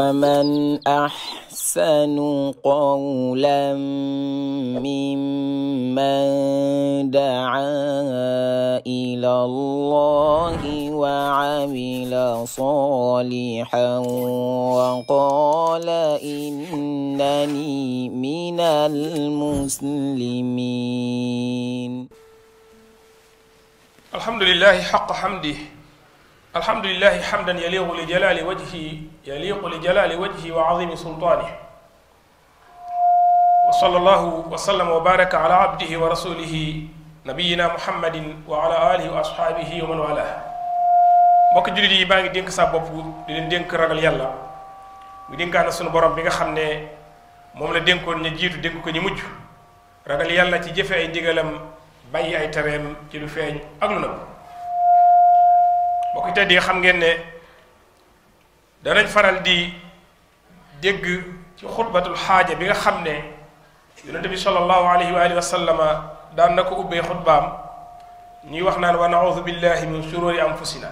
ومن أحسن قولا ممن دعا إلى الله وعمل صالحا وقال إنني من المسلمين الحمد لله حق حمده alhamdulilahi xamdan yaliqu li jalaali wajhi yaliqu li wa azimi sultaani wa sallallahu wa sallama wa baraka ala abdihi wa rasulihi nabiyina muhammadin wa ala alihi wa ashaabihi wa man wala mbokk baa ngi dénk sa bopp di leen ragal yàlla mu dénkaana sunu borom bi nga xam ne moom la dénkoon ña jiitu dénk ko ñu mujj ragal yàlla ci jëf ay ndigalam bàyyi ay tereem ci lu feeñ ak lu nëbb mbokk tey di xam ngeen ne danañ faral di dégg ci xutbatul xaaja bi nga xam ne yonente bi sallallahu alayhi wa alihi wa daan na ko ubbee xutbaam ñuy wax naan wa naudu billahi min sururi anfusina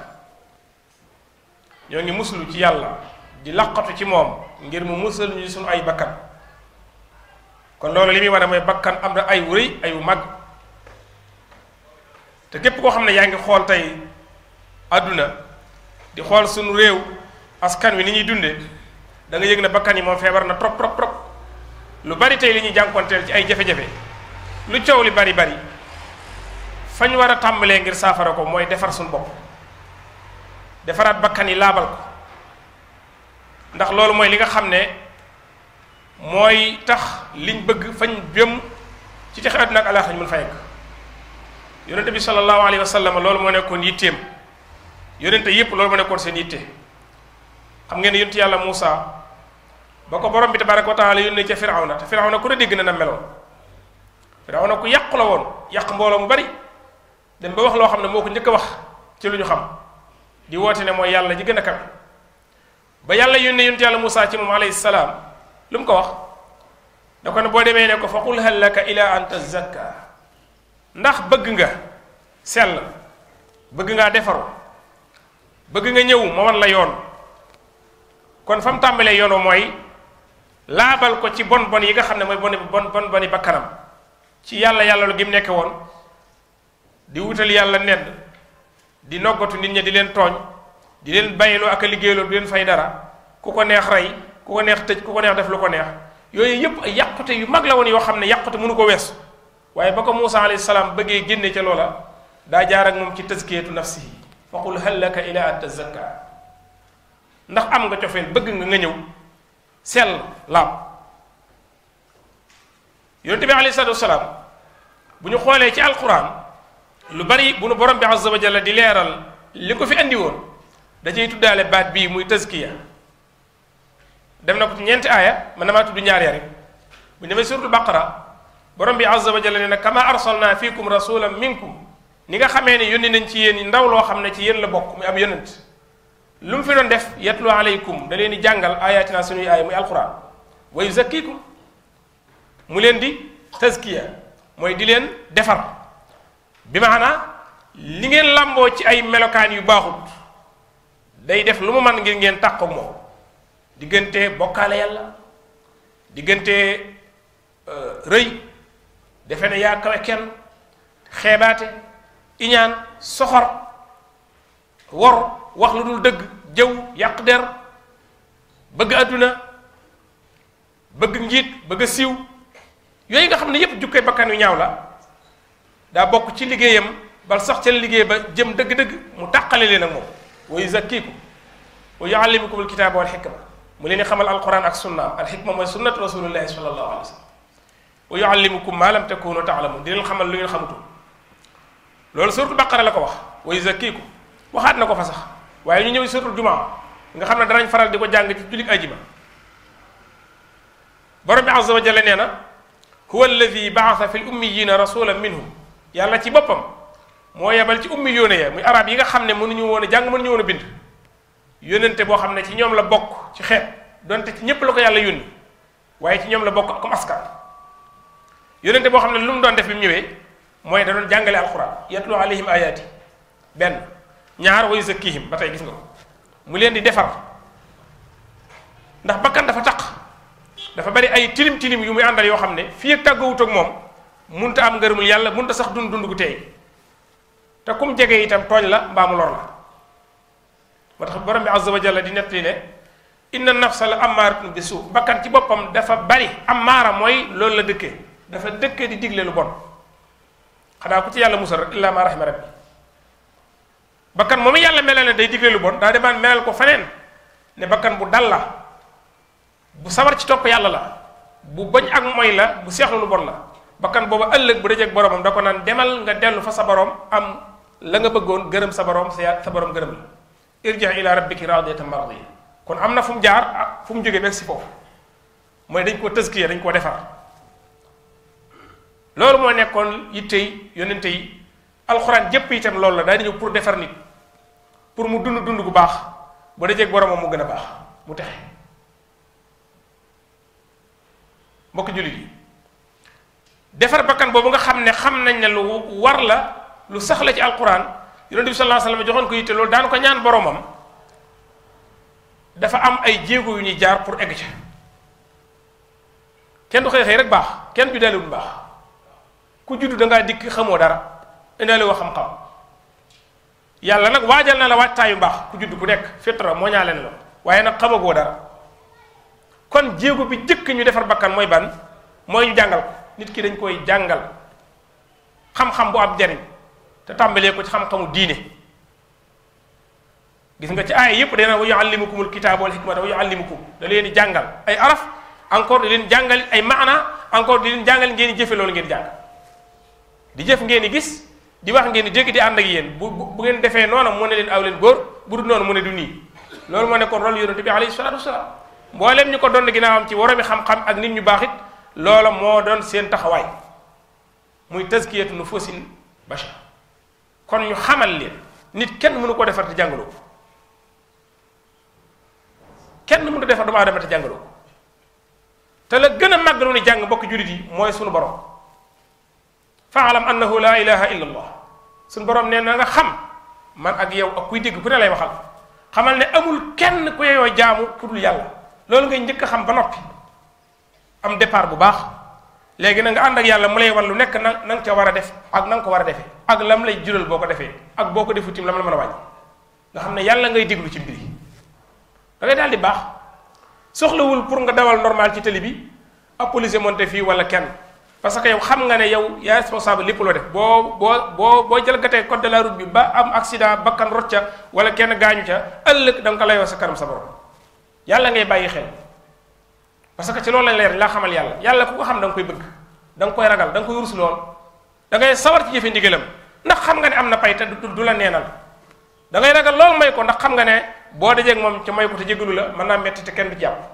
ñoo ngi muslu ci yàlla di laqatu ci moom ngir mu musal ñu suñu ay bakkan kon loolu li muy wane mooy bakkan am na ay wuréy ayu mag te képp koo xam ne yaa ngi xool tey àdduna di xool sunu réew askan wi ni ñuy dunde da yëg ne bakkan yi moom feebar na trop trop trop lu bari tey li ñuy jànkonteel ci ay jafe-jafe lu coow li bari bari fañ war a tàmbalee ngir saafara ko mooy defar suñu bopp defaraat bakkan yi laabal ko ndax loolu mooy li nga xam ne mooy tax liñ bëgg fañ jëm ci texe àdduna ak alaaxira ñu mën fa yegg yonente bi sallallahu alayhi wa sallam loolu moo nekkoon yitteem yonente yépp loolu ma nekkoon seen yitte xam ngeen ne yonent yàlla Muusa ba ko borom bi tabaaraka wa taala yónnee ca Firawna te Firawna ku ne dégg na na meloon na ku yàqu la woon yàq mbooloo mu bari dem ba wax loo xam ne moo ko njëkk a wax ci lu ñu xam di woote ne mooy yàlla ji gën a kawe ba yàlla yónnee yonent yàlla Muusa ci moom alayhi salaam lu mu ko wax da ko ne boo demee ne ko fa qul hal laka ila an tazakka ndax bëgg nga sell bëgg ngaa defaru bëgg nga ñëw ma wan la yoon kon fa mu tàmbalee yoon mooy laabal ko ci bon bon yi nga xam ne mooy bon bon bon boni ba kanam ci yàlla yàlla lu gi mu nekk woon di wutal yàlla nedd di noggatu nit ñi di leen tooñ di leen bàyyiloo ak a liggéeyloo du leen fay dara ku ko neex rey ku ko neex tëj ku ko neex def lu ko neex yooyu yépp yàqute yu mag la woon yoo xam ne yàqute mënu ko wees waaye ba ko Muusa alayhi salaam bëggee génne ca loola daa jaar ak moom ci tazkiyatu nafsihi faqul hal laka ila an tazakka ndax am nga cofeel bëgg nga nga ñëw sell laab yonente bi alayhi salatu wasalaam bu ñu xoolee ci alquran lu bari bu nu borom bi azza wa jalla di leeral li ko fi andi woon da cay tuddaale baat bii muy tazkiya dem na ko ci ñeenti aaya man damaa du ñaar ya rek bu ñu demee suratul baqara borom bi azza wa jalla nee na kama arsalna fiikum rasulan minkum ni nga xamee ne yónni nañ ci yéen ndaw loo xam ne ci yéen la bokk muy ab yonent lu mu fi doon def yatlu aleykum da leen di jàngal ayatina suñuy aaya muy alquran wa yuzakkikum mu leen di tazkiya mooy di leen defam bi maanaa li ngeen làmboo ci ay melokaan yu baaxut day def lu mu man ngir ngeen tàqoog moom diggante bokkaale yàlla diggante euh, rëy defe ne yaa kawe xeebaate iñaan soxor wor wax lu dul dëgg jëw yàq der bëgg àdduna bëgg njiit bëgg a siiw yooyu nga xam ne yépp jukkee bakkan yu ñaaw la daa bokk ci liggéeyam bal sax ca liggéey ba jëm dëgg-dëgg mu tàqale leen ak moom wa yuzakkikum wa yuallimukum alkitaaba wal xikma mu leen di xamal alquran ak sunnaam alxikma mooy sunnatu rasulillahi sallallahu alayhi wa sallam wa ku ma lam takunu taalamun di leen xamal lu ngeen xamutul loolu suratul baqara la ko wax wa yuzakkiikum waxaat na ko fa sax waaye ñu ñëw suratul jumaa nga xam ne danañ faral di ko jàng ci jullit ajima borom bi azza wa jalla nee na huwa alladi baasa fi l ummiyina rasulan minhum yàlla ci boppam moo yebal ci ummi yóone muy arab yi nga xam ne mënuñu woon a jàng mënuñu woon a bind yónente boo xam ne ci ñoom la bokk ci xeet donte ci ñépp la ko yàlla yónni waaye ci ñoom la bokk comme askan yónente boo xam ne lu mu doon def bi mu ñëwee mooy da doon jàngale alquran yatlu alayhim ayaati benn ñaar wa yuzakkihim ba tey gis nga ko mu leen di defar ndax bakkan dafa taq dafa bari ay tilim tilim yu muy àndal yoo xam ne fii ak moom ak moom munta am ngërëmul yàlla mun munta sax dund dund gu tey te kum jege itam tooñ la mbaa mu lor la moo tax borom bi azza wa jalla di nettali ne inna nafsa la amaaratun bi suu bakkan ci boppam dafa bari am amaara mooy loolu la dëkke dafa dëkke di digle lu xanaa ku ci yàlla musal rek illaa ma rahima rabbi bakkan moom yàlla melal ne day digle lu bon daa demaan melal ko faneen ne bakkan bu dal la bu sawar ci topp yàlla la bu bañ ak moy la bu seexlu lu bon la bakkan boobu ëllëg bu dajeeg boromam da ko naan demal nga dellu fa sa borom am la nga bëggoon gërëm sa boroom sa sa boroom gërëm la irji ila rabbiki radiyatan mardiya kon am na fu mu jaar ah, fu mu jógee beeg si foofu mooy dañ koo tëskiya dañ koo defar loolu moo nekkoon yittey yonente yi alxuraan jëpp itam loolu la daa di ñëw pour defar nit pour mu dund dund gu baax ba dajeeg boromam mu gën a baax mu texe mbokk jullit yi defar bakkan boobu nga xam ne xam nañ ne lu war la lu sax la ci alxuraan yonente bi sallallahu alayhi wasallam joxoon ko yitte loolu daanu ko ñaan boromam dafa am ay jéego yu ñuy jaar pour egg ca kenn du xëy xëy rek baax kenn ju daalewul baax ku juddu da ngaa dikk xamoo dara indaale woo xam yàlla nag waajal na la yu baax ku judd ku nekk fitra moo ñaale na la waaye nag xamagoo dara kon jéego bi jëkk ñu defar bakkan mooy ban mooy ñu jàngal ko nit ki dañ koy jàngal xam-xam bu am jariñ te tàmbalee ko ci xam-xamu diine gis nga ci aay yépp dana wa yuallimukumul kitaaba wal hikmata wa yuallimukum da leen di jàngal ay araf encore di leen jàngal ay maana encore di leen jàngal ngeen jëfe loolu ngeen jàng di jëf ngeen di gis di wax ngeen di dégg di ànd ak yéen bu bu ngeen defee noonu ne leen aw leen góor bu dul noonu mu ne du nii loolu moo nekkoon rôle yonente bi alayhi salaatu wasalaam mbooleem ñu ko doon ginnaawam ci woromi xam-xam ak nit ñu baax it loola moo doon seen taxawaay muy tazkiyatu si bashar kon ñu xamal leen nit kenn mënu koo defar te jàngaloo ko kenn mënu defar doomu aadama te jàngaloo te la gën a màgg lu ni jàng mbokk jullit yi mooy sunu borom. faalam annahu laa ilaha illa allah suñ borom nee na nga xam man ak yow ak kuy dégg ku ne lay waxal xamal ne amul kenn ku yeyoo jaamu ku dul yàlla loolu ngay njëkk a xam ba noppi am départ bu baax léegi na nga ànd ak yàlla mu lay wan lu nekk na na nga ca war a def ak nanga ko war a defee ak lam lay jural boo ko defee ak boo ko defu tim lam la mën a wàññi nga xam ne yàlla ngay déglu ci mbir yi da ngay daal di baax soxlawul pour nga dawal normal ci télé bi ab policier monté fii wala kenn parce que yow xam nga ne yow yaa responsable lépp loo def boo boo boo boo jalgatee code de la route bi ba am accident bakkan rot ca wala kenn gaañu ca ëllëg da nga ko layoo sa sa borom yàlla ngay bàyyi xel parce que ci loolu lañ leer laa xamal yàlla yàlla ku ko xam ne danga koy bëgg da nga koy ragal da nga koy rus lool da ngay sawar ci jëfe ndigalam ndax xam nga ne am na pay te du la neenal da ngay ragal lool may ko ndax xam nga ne boo dajee ak moom ca may ko te jégalu la mën naa metti te kenn du jàpp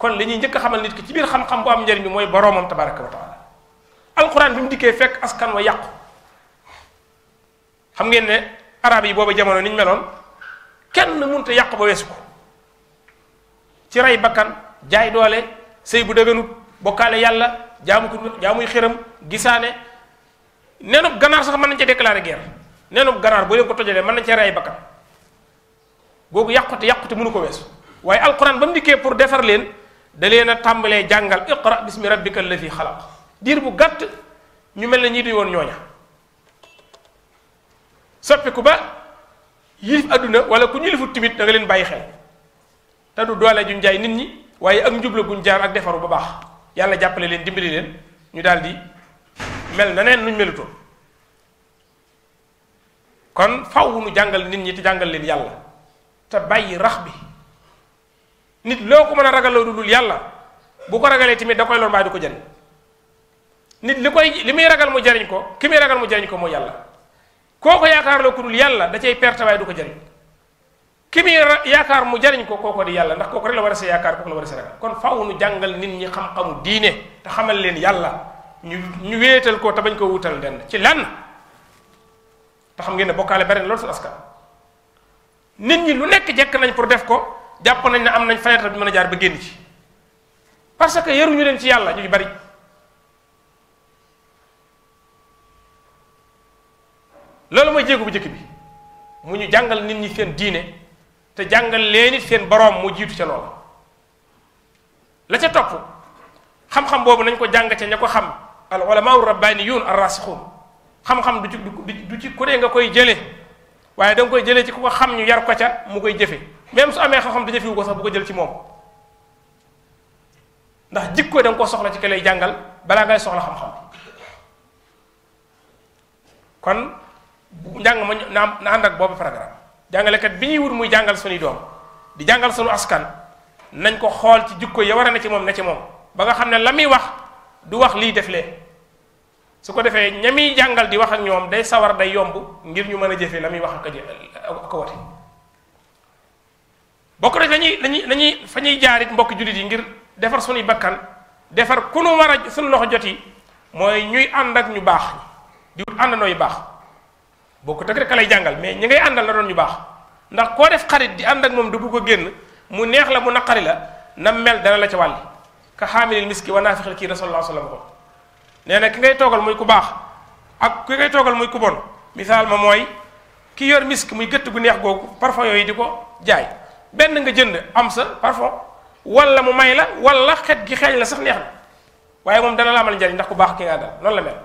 kon li njëkk a xamal nit ki ci biir xam-xam bu am njëriñ bi mooy boroomam tabaraka wa taala alquran bi mu dikkee fekk askan wa yàqu xam ngeen ne arab yi boobu jamono niñ meloon kenn munta yàqu ba weesu ko ci rey bakkan jaay doole sëy bu dëgënut bokkaale yàlla jaamu ko jaamuy xiram gisaane nenub ganaar sax mën nañ ca déclarer guerre nenub ganaar boo leen ko tojalee mën nañ ca rey bakkan googu yàqute yàqute mënu ko weesu waaye alquran leen da leen a tàmbalee jàngal iqra bismi rabbika allazi xalaat diir bu gàtt ñu mel ne ñii du woon ñooña soppiku ba yilif àdduna wala ku ñu yilifut timit da leen bàyyi xel te du doole juñ jaay nit ñi waaye ak njubla guñ jaar ak defaru bu baax yàlla jàppale leen dimbali leen ñu daal mel na neen nuñ melutoon kon faw nu jàngal nit ñi te jàngal leen yàlla te bàyyi rax bi nit loo ko mën a ragaloo du dul yàlla bu ko ragalee tamit da koy lool mbaa du ko jariñ nit li koy li muy ragal mu jariñ ko ki muy ragal mu jariñ ko mooy yàlla kooko yaakaar loo ko dul yàlla da cay perte du ko jariñ ki muy yaakaar mu jariñ ko kooko di yàlla ndax kooko rek la war a sa yaakaar kooko la war a sa ragal kon faw nu jàngal nit ñi xam-xamu diine te xamal leen yàlla ñu ñu wéetal ko te bañ ko wutal den ci lan te xam ngeen ne bokkaale bari na loolu su askan nit ñi lu nekk jekk nañ pour def ko jàpp nañ ne am nañ fenêtre bi mën a jaar ba génn ci parce que yaruñu leen ci yàlla ñu bari loolu mooy jéego bu jëkk bi mu ñu jàngal nit ñi seen diine te jàngal leen seen borom mu jiitu ca loola la ca topp xam-xam boobu nañ ko jàng ca ña ko xam al ulamaau rabbaniyun ar rasixuun xam-xam du ci du ci ku dee nga koy jële waaye danga koy jëlee ci ku ko xam ñu yaru ko ca mu koy jëfe même su amee xam-xam te jëfewu ko sax bu ko jël ci moom ndax jikko da nga ko soxla ci ka lay jàngal balaa ngay soxla xam-xam kon njàng ma na na ànd ak boobu programme jàngalekat bi ñuy wut muy jàngal suñuy doom di jàngal suñu askan nañ ko xool ci jikko ya war a na ci moom na ci moom ba nga xam ne la muy wax du wax lii def lee su ko defee ña jàngal di wax ak ñoom day sawar day yomb ngir ñu mën a jëfee la muy wax ak a ko wote bokk na dañuy dañuy dañuy fa ñuy jaarit mbokki jullit yi ngir defar suñuy bakkan defar ku nu war suñu loxo jot yi mooy ñuy ànd ak ñu baax di wut àndandoo yu baax bokku tak rek ka lay jàngal mais ñi ngay àndal na doon ñu baax ndax koo def xarit di ànd ak moom du bu ko génn mu neex la mu naqari la na mel dana la ca wàll ka xaamilil miski wa naafiqil kii rasulullah sallallahu alayhi wa nee na ki ngay toogal muy ku baax ak ki ngay toogal muy ku bon misaal ma mooy ki yor misk muy gëtt gu neex googu parfum yooyu di ko jaay benn nga jënd am sa parfum wala mu may la wala xet gi xeeñ la sax neex na waaye moom dana la amal njariñ ndax ku baax ki nga dal noonu la mel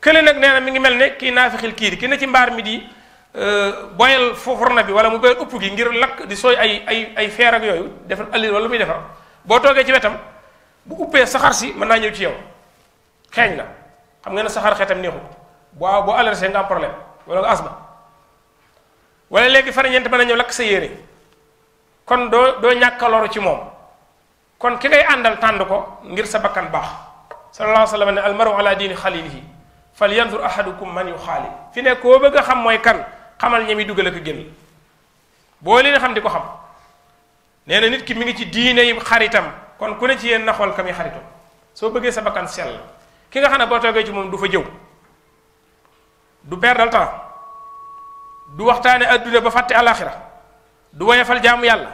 kële nag nee na mi ngi mel ne kii naa naafixil kii di ki ne ci mbaar mi di euh, boyal forna bi wala mu boyal upp gi ngir lakk di sooy ay ay ay feer ak yooyu defar allir wala muy defar boo toogee ci wetam bu uppee saxar si mën naa ñëw ci yow xeeñ la xam nga ne saxaar xetam neexut boo boo allergie nga am problème wala nga asma wala léegi farañeent mën na ñëw lakk sa yére kon doo doo ñàkk ci moom kon ki ngay àndal tànd ko ngir sa bakkan baax sallallahu alayhi wa sallam ne almaru ala diini xalilihi fal yandur ahadukum man yu xaalil fi ne koo bëgg a xam mooy kan xamal ñi muy dugal ak génn boo leen xam di ko xam nee na nit ki mu ngi ci diine yi xaritam kon ku ne ci yéen na kam ka muy soo bëggee sa bakkan sell ki nga xam ne boo toogee ci moom du fa jëw du perdal temps du waxtaane adduna ba fàtte alaxira du woyefal jaamu yàlla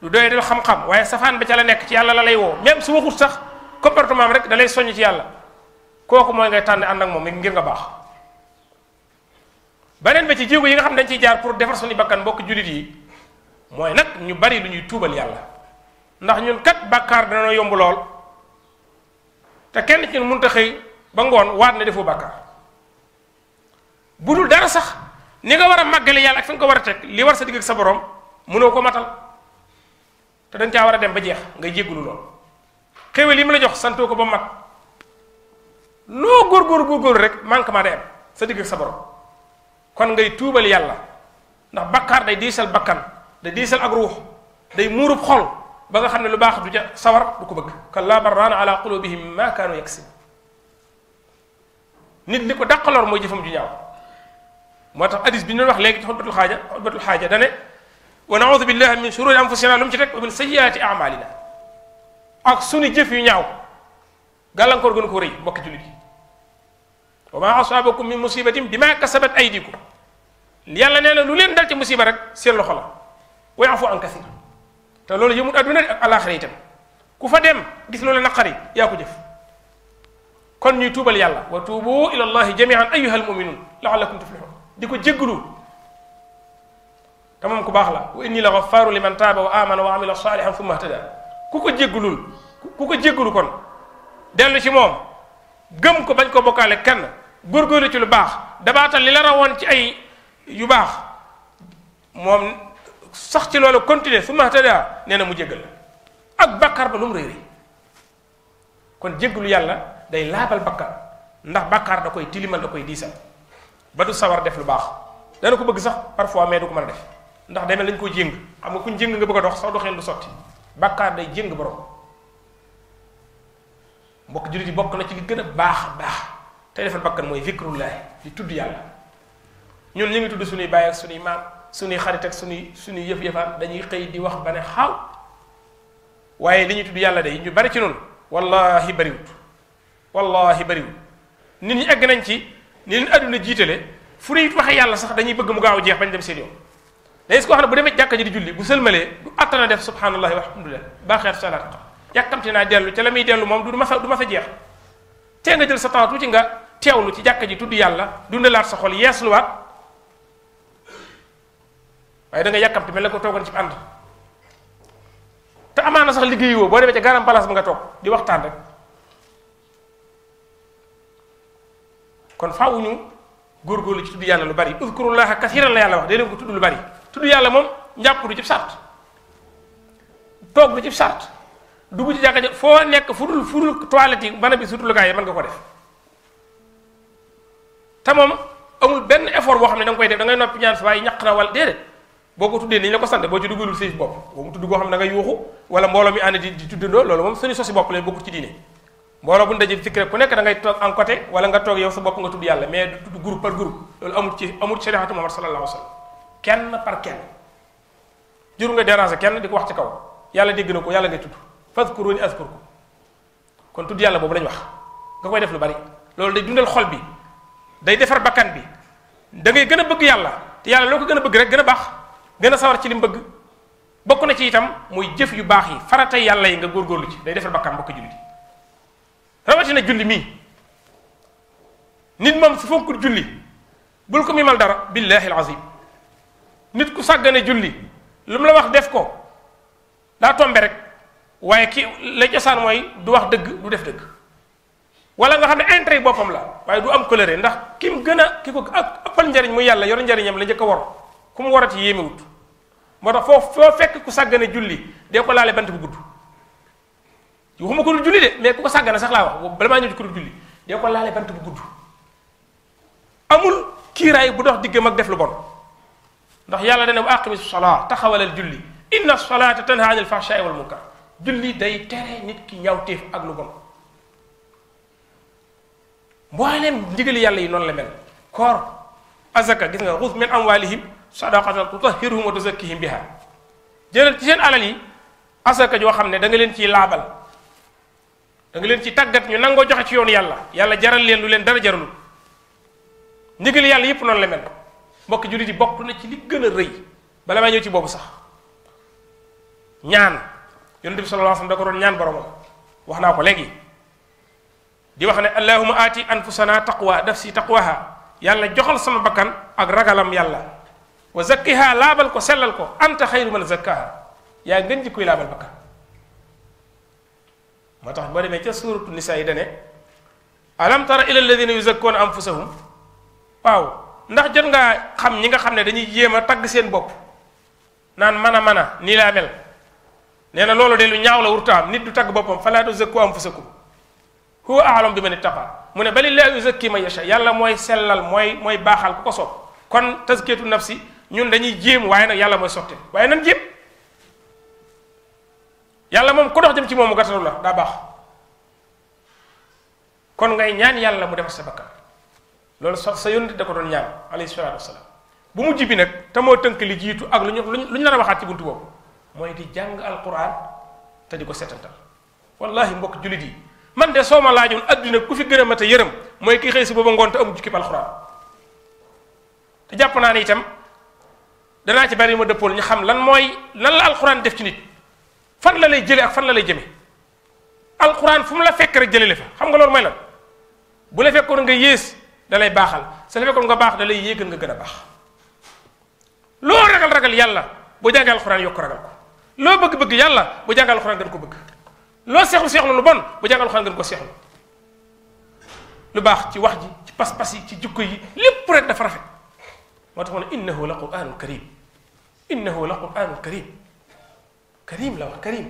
du doyadal xam-xam waaye safaan ba ca la nekk ci yàlla la lay woo même su waxut sax comportement rek dalay lay soññ ci yàlla kooku mooy ngay tànn ànd ak moom ngir nga baax beneen ba ci jéego yi nga xam dañ ciy jaar pour defar suñu bakkan bokk jullit yi mooy nag ñu bari lu ñuy tuubal yàlla ndax ñun kat bàkkaar dana yomb lool te kenn ci mënut ta xëy ba ngoon waat na defoo bàkkaar bu dul dara sax ni nga war a màggale yàlla ak fi nga ko war a teg li war sa digg ak sa borom mënoo ko matal te dañ caa war a dem ba jeex nga jéggulu lool xéwal yi mu la jox santoo ko ba mag loo góorgóor góor rek manquement day am sa digg ak sa borom kon ngay tuubal yàlla ndax bakkaar day diisal bakkan day diisal ak ruux day muurub xol ba nga xam ne lu baax du ca sawar du ko bëgg kallaa bal raana ala qulubihim ma kaanu yaksib nit li ko dàqaloor mooy jëfam ju ñaaw moo tax hadis bi ñu wax léegi ci xutbatul xaaja xutbatul xaaja dane wa naudu billahi min shururi anfusina lu mu ci teg wa min sayyiati amalina ak sunu jëf yu ñaaw gàllankoor gën ko rëy mbokki jullit yi wa ma asabakum min musibatin bima kasabat aydikum yàlla nee na lu leen dal ci musiba rek seen loxo la wa yafu an kathir te loolu yëmut adduna ak alaxira tam ku fa dem gis loolu naqari yaa ko jëf kon ñuy tuubal yàlla wa tuubu ila allahi jamian ayuha almuminun laalakum tuflihun di ko jégglu te ku baax la wa inni la gafaru liman taaba wa amana wa amila salihan summa htada ku ko jégglul ku ko jégglu kon dellu ci moom gëm ko bañ ko bokkaale kenn góorgóorlu ci lu baax dabaatal li la rawoon ci ay yu baax moom sax ci loolu continuer su ma tada nee na mu jéggal la ak bàkkaar ba lu mu réeri kon jéggalu yàlla day laabal bàkkaar ndax bàkkaar da koy tilimal da koy diisal ba du sawar def lu baax dana ko bëgg sax parfois mais du ko mën a def ndax demee lañ ko jéng xam nga kuñ jéng nga bëgg a dox sax doxeen du sotti bàkkaar day jéng borom mbokk jullit yi bokk na ci li gën a baax baax tey defal bakkan mooy zikrullahi di tudd yàlla ñun ñu ngi tudd suñuy bàyyi suñuy xarit ak suñuy suñuy yëf-yëfaan dañuy xëy di wax ba ne xaaw waaye li ñuy tudd yàlla day ñu bari ci noonu wallahi bariwut wallahi bariwut nit ñi egg nañ ci ni leen àdduna jiitale fu ñuy waxee yàlla sax dañuy bëgg mu gaaw jeex bañ dem seen yoon day su ko xam ne bu demee jàkka ji di julli bu sëlmalee du attana def subhanallahi walhamdulillah baaxeet salaat yàkkamti naa dellu ci la muy dellu moom du masa du ma fa jeex tee nga jël sa temps tuuti nga teewlu ci jàkka ji tudd yàlla dundalaat sa xol yeesluwaat waaye da nga yàkkamti mel la ko toogoon ci ànd te amaana sax liggéey woo boo demee ca garam place bi nga toog di waxtaan rek kon faaw ñu góorgóorlu ci tudd yàlla lu bari uzkurullaha kasiran la la yàlla wax dee leen ko tudd lu bari tudd yàlla moom njàpp du ci sart toog du ci sart dugg ci jàkka ja foo nekk fu dul fu dul toilette yi mën bi sutul gaa yi mën nga ko def te moom amul benn effort boo xam ne da nga koy def da ngay noppi ñaan si waaye boo ko tuddee ni ñu la ko sant boo ci duggalul si bopp boo mu tudd koo xam ne da nga yuuxu wala mbooloo mi ànd di di tuddandoo loolu moom suñu sosi bopp leen bokkut ci diine mbooloo bu ndaje fikk rek ku nekk da ngay toog en nga toog yow sa bopp nga tudd yàlla mais tudd groupe par groupe loolu amul ci amul ci shariatu Muhammad kenn par kenn jur nga déranger kenn wax ci kaw yàlla dégg na ko yàlla ngay tudd fazkuruni azkurkum kon tudd yàlla boobu lañ wax nga def lu bari loolu day dundal xol bi day defar bakkan bi da ngay gën a bëgg yàlla te loo ko gën a bëgg rek gën a baax gën a sawar ci lim bëgg bokk na ci itam muy jëf yu baax yi farata yàlla yi nga góorgóorlu ci day defar bakkan bokk julli rawatina julli mii nit moom su fonkul julli bul ko mimal dara billahi alazim nit ku sàggane julli lu mu la wax def ko daa tombe rek waaye ki la cosaan mooy du wax dëgg du def dëgg wala nga xam ne intérêt boppam la waaye du am colère ndax ki mu gën a ki ko ëppal njariñ mu yàlla yor njariñam la njëkk a wor ku mu warati yéemewut moo tax foo foo fekk ku sàggane julli dee ko laale bant bu gudd waxuma ko dul julli de mais ku ko laale bant bu gudd amul kiiraay bu dox diggam ak def lu bon ndax yàlla dana bu aqimi salaa taxawalal julli inna salaata tanha anil fahshaai wal munkar julli day tere nit ki ñaaw téef ak lu bon mbooleem ndigali yàlla yi noonu la mel koor azaka gis nga xuz min amwalihim sadaqatan tutahhiruhum wa tuzakkihim biha jëlal ci seen alal yi asaka joo xam ne da nga leen ciy laabal danga leen ci tàggat ñu nangoo joxe ci yoonu yàlla yàlla jaral leen lu leen dara jaralu ndigal yàlla yëpp noonu la mel mbokk jullit yi bokk na ci li gën a rëy bala may ñëw ci boobu sax ñaan yonent bi sallallahu alayhi wasallam da ko ñaan boromam wax naa ko léegi di wax ne allahuma aati anfusana taqwa daf si taqwaha yàlla joxal sama bakkan ak ragalam yàlla wa zakkiha laabal ko sellal ko am anta xayru man zakkaha yaa ngën ji kuy laabal bakkan moo tax boo demee ca suuratu nisaa yi dane alam tara ila alladina yuzakkuuna anfusahum waaw ndax jot ngaa xam ñi nga xam ne dañuy jéem a tagg seen bopp naan man a man a nii laa nee na loolu de lu ñaaw la wurtaam nit du tagg boppam falaa tuzakku anfusakum huwa a'lamu biman ittaqa mu ne balillaahi yuzakki man yasha yàlla mooy sellal mooy mooy baaxal ko soob kon tazkiyatu nafsi ñun dañuy jéem waaye nag yàlla mooy sotte waaye nan jéem yàlla moom ku dox jëm ci moom mu gàttalu la daa baax kon ngay ñaan yàlla mu defar sa loolu sax sa yónni da ko doon ñaan alayhi sa wasalaam bu mujj bi nag te moo tënk li jiitu ak lu ñu lu ñu nar waxaat ci buntu boobu mooy di jàng alquran te di ko setantal wallahi mbokk jullit yi man de soo ma laajoon adduna ku fi gën a mat a yërëm mooy ki xëy si booba ngoon te amul jukki alquran te jàpp naa ne itam. danaa ci bari yu ma dëppool ñu xam lan mooy lan la alxuraan def ci nit fan la lay jële ak fan la lay jëme alxuraan fu mu la fekkee rek jëlee la fa xam nga loolu mooy la bu la fekkoon nga yées da lay baaxal su la fekkoon nga baax da lay yéegal nga gën a baax loo ragal ragal yàlla bu jàngee alxuraan yokk ragal ko loo bëgg-bëgg yàlla bu jàngee alxuraan gën ko bëgg loo seexlu seexlu lu bon bu jàngee alxuraan gën ko seexlu lu baax ci wax ji ci pas-pas ci jikko yi lépp rek dafa rafet moo tax ma ne innahu la quraanun karim innahu la qur'aanun karim karim la wax karim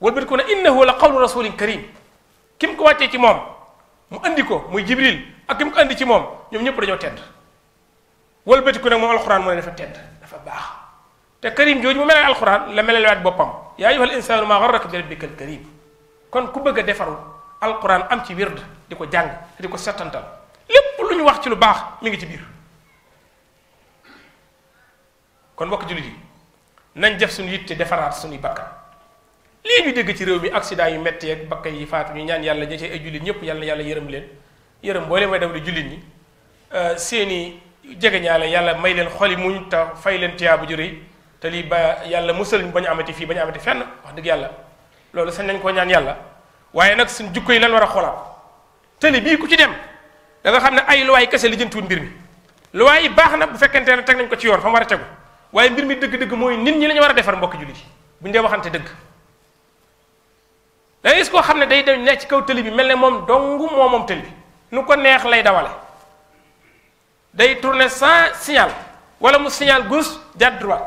walbati ko ne innahu la qawlu rasulin karim ki mu ko wàccee ci moom mu andi ko muy jibril ak ki mu ko andi ci moom ñoom ñëpp dañoo tedd walbati ko nag moom alquran moo ne dafa tedd dafa baax te karim jooju mu mel ne alquran la melalewaat boppam yaa ayyuhal insaanu maa garraka bi rabbikal karim kon ku bëgg a defaru alquran am ci wird di ko jàng di ko settantal lépp lu ñu wax ci lu baax mi ngi ci biir kon bokk jullit yi nañ def suñu yitte defaraat suñuy bakkan lii ñu dégg ci réew mi accident yu metti ak bakkan yi faat ñu ñaan yàlla ña ci ay jullit ñëpp yàlla yàlla yërëm leen yërëm boo leen may daw di jullit ñi euh, seeni jegeñaale yàlla may leen xoli muñ ta fay leen tiyaa bu juré te lii ba yàlla musal ñu bañ a amati fii bañu a amati fenn wax dëgg yàlla loolu sañ nañ koo ñaan yàlla waaye nag suñ jukko yi lan war a xoolaat tëli bii ku ci dem da nga xam ne ay luwaay kese li jëntuwul mbir mi luwaay yi baax na bu fekkente ne teg nañ ko ci yoon fa mu a tegu waaye mbir mi dëgg-dëgg mooy nit ñi lañu war a defar mbokk jullit yi bu ñu dee waxante dëgg da gis koo xam ne day dem nekk ci kaw tëli bi mel ne moom dong moo moom tëli bi nu ko neex lay dawale day tourner san signal wala mu signal gauche jàdd droit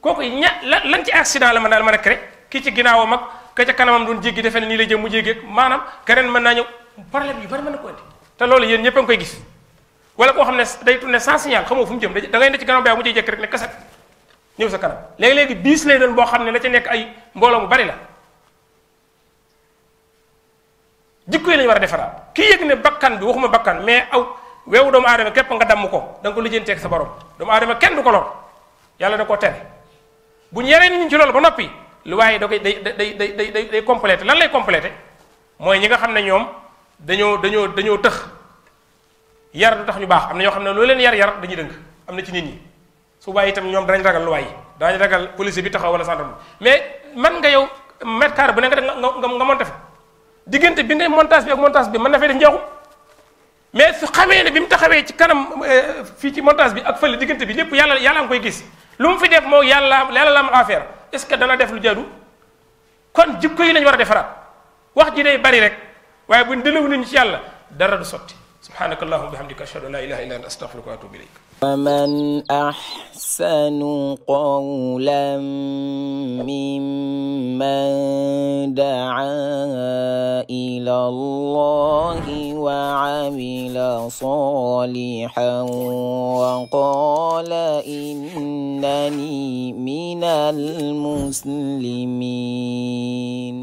kooku ña la lan ci accident la mën daal mën a créé kii ci ginnaawam mag ka ca kanamam doon jéggi defe ne nii lay jëm mu jéggeeg maanaam keneen mën naa ñëw problème yu bari mën na ko te loolu yéen ñëpp a ngi koy gis. wala koo xam ne day ne sans signal xamoo fu mu jëm da ngay ne ci kanam ba mu jëy jekk rek ne kaset ñëw sa kanam léegi-léegi biis lay doon boo ne la ca nekk ay mbooloo mu bari la lañu war a defaraat ki yëg ne bakkan bi waxuma bakkan mais aw weewu doomu aadama képp nga damm ko da nga ko lijjantee ak sa borom doomu aadama kenn du ko lor yàlla da koo tere bu ñu yaree ñu ñi ci lool ba noppi lu waaye da koy day day day day day complété lan lay complété mooy ñi nga xam ne ñoom dañoo dañoo dañoo tëx yar du tax ñu baax am na ñoo xam ne loo leen yar yar dañuy dënk am na ci nit ñi su bàyyi itam ñoom danañ ragal luwaay danañ ragal policier bi taxaw wala gendarme mais man nga yow mètre carré bu ne nga def nga nga monté fa diggante bi ngay montage bi ak montage bi mën na fay def njeexu mais su xamee ne bi mu taxawee ci kanam euh, fii ci montage bi ak fële diggante bi lépp yàlla yàlla nga koy gis lu mu fi def moo yàlla yàlla la am affaire est-ce que dana def lu jaadu kon jikko yi lañu war a defaraat wax ji day bari rek waaye buñ dëlëw ñu ci yàlla dara du sotti subhanaka allahumma bihamdika ashhadu an la ilaha illa anta astaghfiruka wa atubu ilayk waman ahsanu qawlan mimman daa ila allahi wa amila salihan wa qala innani minal muslimin